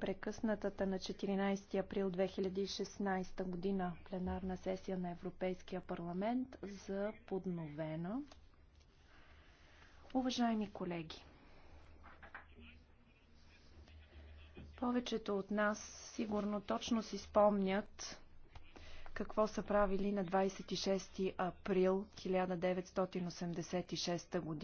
прекъснатата на 14 април 2016 година пленарна сесия на Европейския парламент за подновена. Уважаеми колеги, повечето от нас сигурно точно си спомнят какво са правили на 26 април 1986 година.